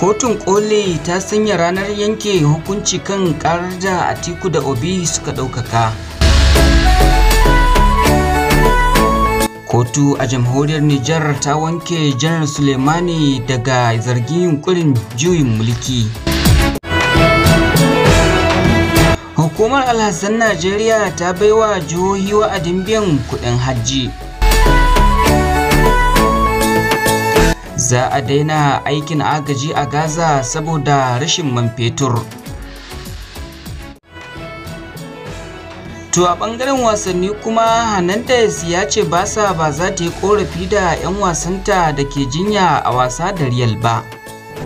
kotun koli ta sanya ranar yanke hukunci kan karar da atiku da obi suka ɗaukaka kotu a jamhuriyar nijar ta wanke janar suleimani daga zargin yunkurin juyin mulki hukumar alhassan najeriya ta baiwa jihohi wa'adin biyan kudin hajji za a daina aikin agaji a Gaza saboda rashin man fetur. To a ɓangaren wasanni kuma Hernandez ya ce Basa ba za ta yi korafi da 'yan wasanta da ke jinya a wasa da Real ba.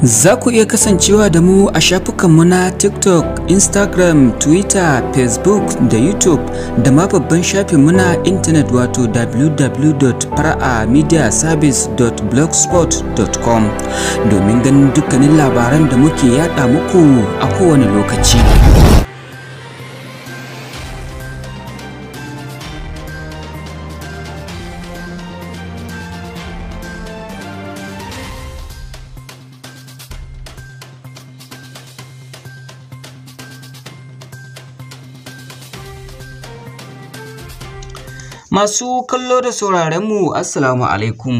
Za ku iya kasancewa da mu a shafukanmu na TikTok, Instagram, Twitter, Facebook da YouTube da ma babban shafinmu na intanet wato www.fara'amediaservice.blogspot.com domin ganin dukkanin labaran da muke yada muku a kowane lokaci. Masu kallo da saurarenmu Assalamu alaikum.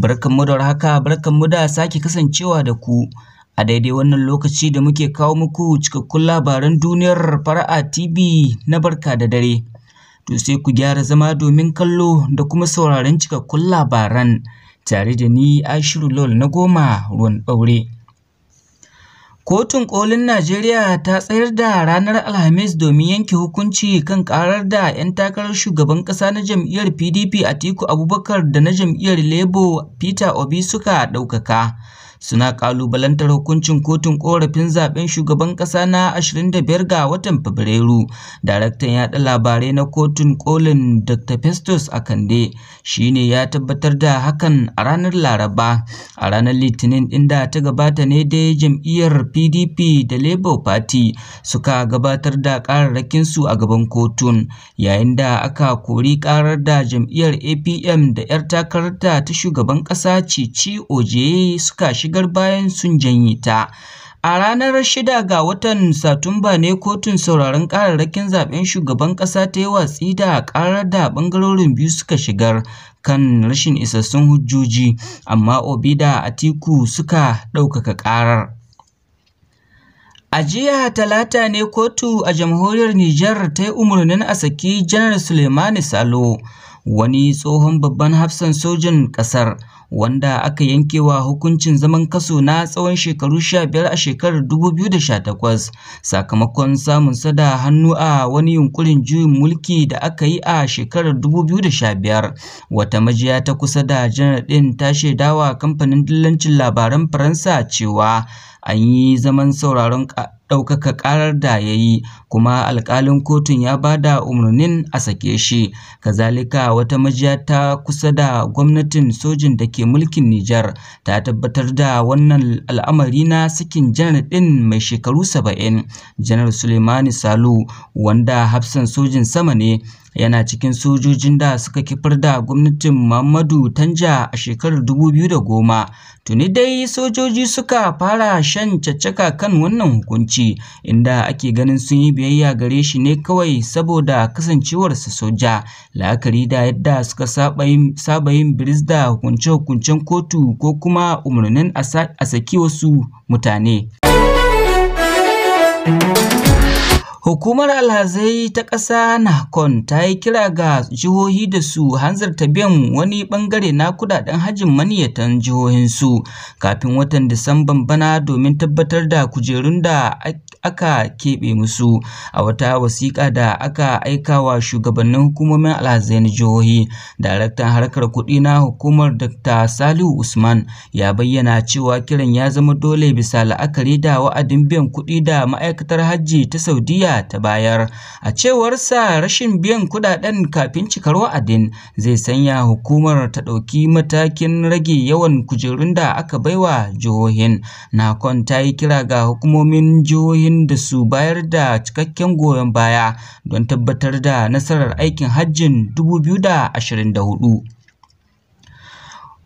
Barkanmu da haka barkanmu da sake kasancewa da ku a daidai wannan lokaci da muke kawo muku cikakkun labaran duniyar fara'a TV na barka da dare. To sai ku gyara zama domin kallo da kuma sauraron cikakkun labaran tare da ni ashirulol Lol na goma ruwan ɗaure. Kotun ƙolin Najeriya ta tsayar da ranar Alhamis domin yanke hukunci kan ƙarar da 'yan takarar shugaban ƙasa na jam'iyyar PDP Atiku Abubakar da na jam'iyyar Labour Peter Obi suka ɗaukaka. suna kalubalantar hukuncin kotun korafin zaben shugaban kasa na 25 ga watan Fabrairu. Daraktan yaɗa labarai na kotun kolin Dr. Festus Akande shi ne ya tabbatar da hakan a ranar Laraba. A ranar Litinin inda ta gabata ne dai jam'iyyar PDP da Labour Party suka gabatar da su a gaban kotun yayin da aka kori karar da jam'iyyar APM da 'yar takarar ta shugaban ƙasa Cici Oje suka shiga shigar bayan sun janye ta. A ranar shida ga watan Satumba ne kotun sauraron kararrakin zaben shugaban ƙasa ta yi watsi da ƙarar da ɓangarorin biyu suka shigar kan rashin isassun hujjoji, amma Obi da Atiku suka ɗaukaka ƙarar. A jiya talata ne kotu a jamhuriyar Nijar ta yi umarnin a saki janar Suleimani Salo, wani tsohon babban hafsan sojan ƙasar. wanda aka yankewa hukuncin zaman kaso na tsawon shekaru sha biyar a shekarar 2018 sakamakon samun sada hannu a wani yunkurin juyin mulki da aka yi a shekarar 2015 wata majiya ta kusa da janar ɗin ta shaidawa kamfanin dillancin labaran faransa cewa an yi zaman sauraron ɗaukaka ƙarar da ya yi kuma alkalin kotun ya ba da umarnin a sake shi kazalika wata majiya ta kusa da gwamnatin sojin da ke mulkin nijar ta tabbatar da wannan al'amari na sakin janar ɗin mai shekaru saba'in janar suleimani salu wanda hafsan sojin sama ne yana cikin sojojin da suka kifar da gwamnatin Muhammadu Tanja a shekarar 2010. Tuni dai sojoji suka fara shan caccaka kan wannan hukunci inda ake ganin sun yi biyayya gare shi ne kawai saboda kasancewarsa soja la'akari da yadda suka saba yin biris da hukunce-hukuncen kotu ko kuma umarnin a saki wasu mutane. Hukumar alhazai ta ƙasa Nahkon ta yi kira ga jihohi da su hanzarta biyan wani ɓangare na kudaden hajjin maniyatan jihohinsu kafin watan Disamban bana domin tabbatar da kujerun da aka keɓe musu a wata wasiƙa da aka aika wa shugabannin hukumomin alhazai na jihohi. Daraktan harkar kuɗi na hukumar Dr. Salihu Usman ya bayyana cewa kiran ya zama dole bisa la'akari da wa'adin biyan kuɗi da ma'aikatar hajji ta Saudiya ta bayar a cewar sa rashin biyan kudaden kafin cikar wa'adin zai sanya hukumar ta ɗauki matakin rage yawan kujerun da aka baiwa jihohin nakon ta yi kira ga hukumomin jihohin da su bayar da cikakken goyon baya don tabbatar da nasarar aikin hajjin 2024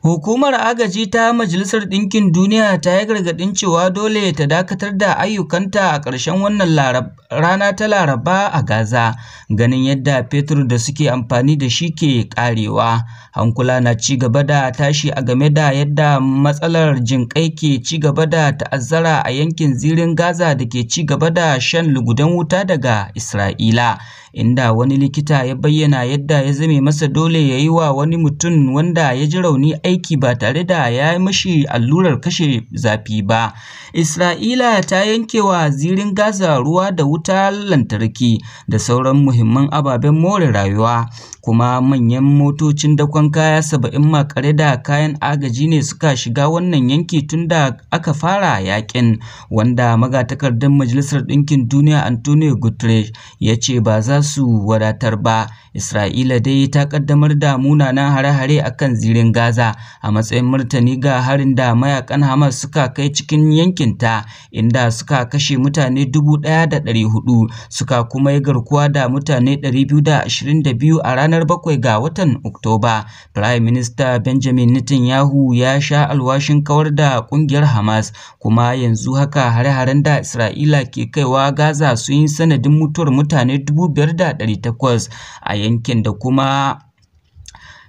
Hukumar agaji ta Majalisar Ɗinkin Duniya ta yi gargaɗin cewa dole ta dakatar da ayyukanta a ƙarshen wannan rana ta Laraba a Gaza, ganin yadda fetur da suke amfani da shi ke ƙarewa. Hankula na ci gaba da tashi a game da yadda matsalar jinƙai ke ci gaba da ta'azzara a yankin zirin Gaza da ke ci gaba da shan lugudan wuta daga Isra'ila. inda wani likita ya bayyana yadda ya zame masa dole ya yi wa wani mutum wanda ya ji rauni aiki ba tare da ya yi mashi allurar kashe zafi ba. Isra'ila ta yanke wa zirin Gaza ruwa da wuta lantarki da sauran muhimman ababen more rayuwa. kuma manyan motocin dakon kaya saba'in makare da kayan agaji ne suka shiga wannan yanki tun da aka fara yakin wanda magatakardar majalisar ɗinkin duniya antonio guterres ya ce ba za su wadatar ba isra'ila dai ta kaddamar da munanan hare-hare a kan zirin gaza a matsayin martani ga harin da mayakan hamas suka kai cikin yankinta inda suka kashe mutane 1,400 suka kuma yi garkuwa da mutane 222 a ranar ranar bakwai ga watan Oktoba, Prime Minister Benjamin Netanyahu ya sha alwashin kawar da ƙungiyar Hamas kuma yanzu haka hare-haren da Isra'ila ke kaiwa Gaza sun yi sanadin mutuwar mutane 5,800 a yankin da kuma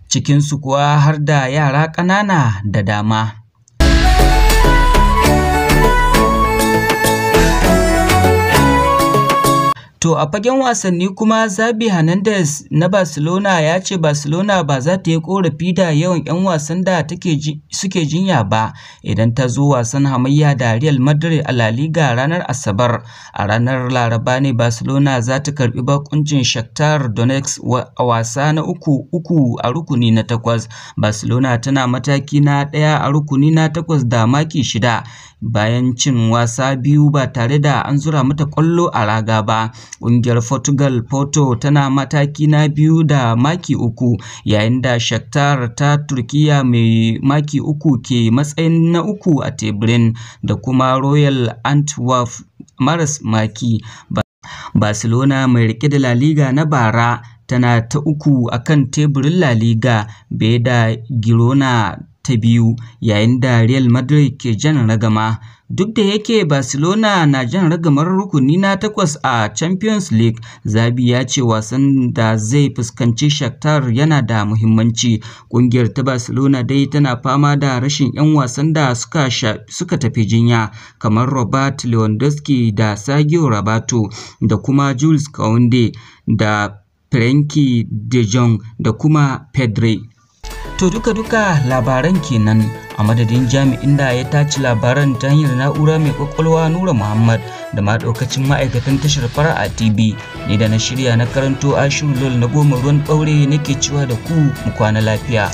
cikinsu kuwa har da yara ƙanana da dama. To a fagen wasanni kuma Zabi Hernandez na Barcelona ya ce Barcelona ba za ta yi korafi da yawan 'yan wasan da suke jinya ba idan ta zo wasan hamayya da Real Madrid a La Liga ranar Asabar. A ranar Laraba ne Barcelona za ta karbi bakuncin Shakhtar Donetsk a wasa na uku uku a rukuni na takwas. Barcelona tana mataki na ɗaya a rukuni na takwas da maki shida bayan cin wasa biyu ba tare da an zura mata ƙwallo a raga ba. Ƙungiyar Portugal Porto tana mataki na biyu da maki uku yayin da Shakhtar ta Turkiya mai maki uku ke matsayin na uku a teburin da kuma Royal Antwerp maras maki. Barcelona mai rike da La Liga na bara tana ta uku akan teburin La Liga, bai da Girona ta biyu yayin da Real Madrid ke jan ragama duk da yake Barcelona na jan ragamar rukuni na takwas a Champions League Zabi ya ce wasan da zai fuskanci Shakhtar yana da muhimmanci kungiyar ta Barcelona dai tana fama da rashin 'yan wasan da suka suka tafi jinya kamar Robert Lewandowski da Sergio Roberto da kuma Jules Kounde da Frenkie de Jong da kuma Pedri To duka-duka labaran kenan a madadin jami'in da ya tace labaran ta hanyar na'ura mai kwakwalwa Nura Muhammad da ma ɗaukacin ma'aikatan tashar fara'a TV ne da na shirya na karanto lol na goma ruwan ɓaure nake cewa da ku mu kwana lafiya.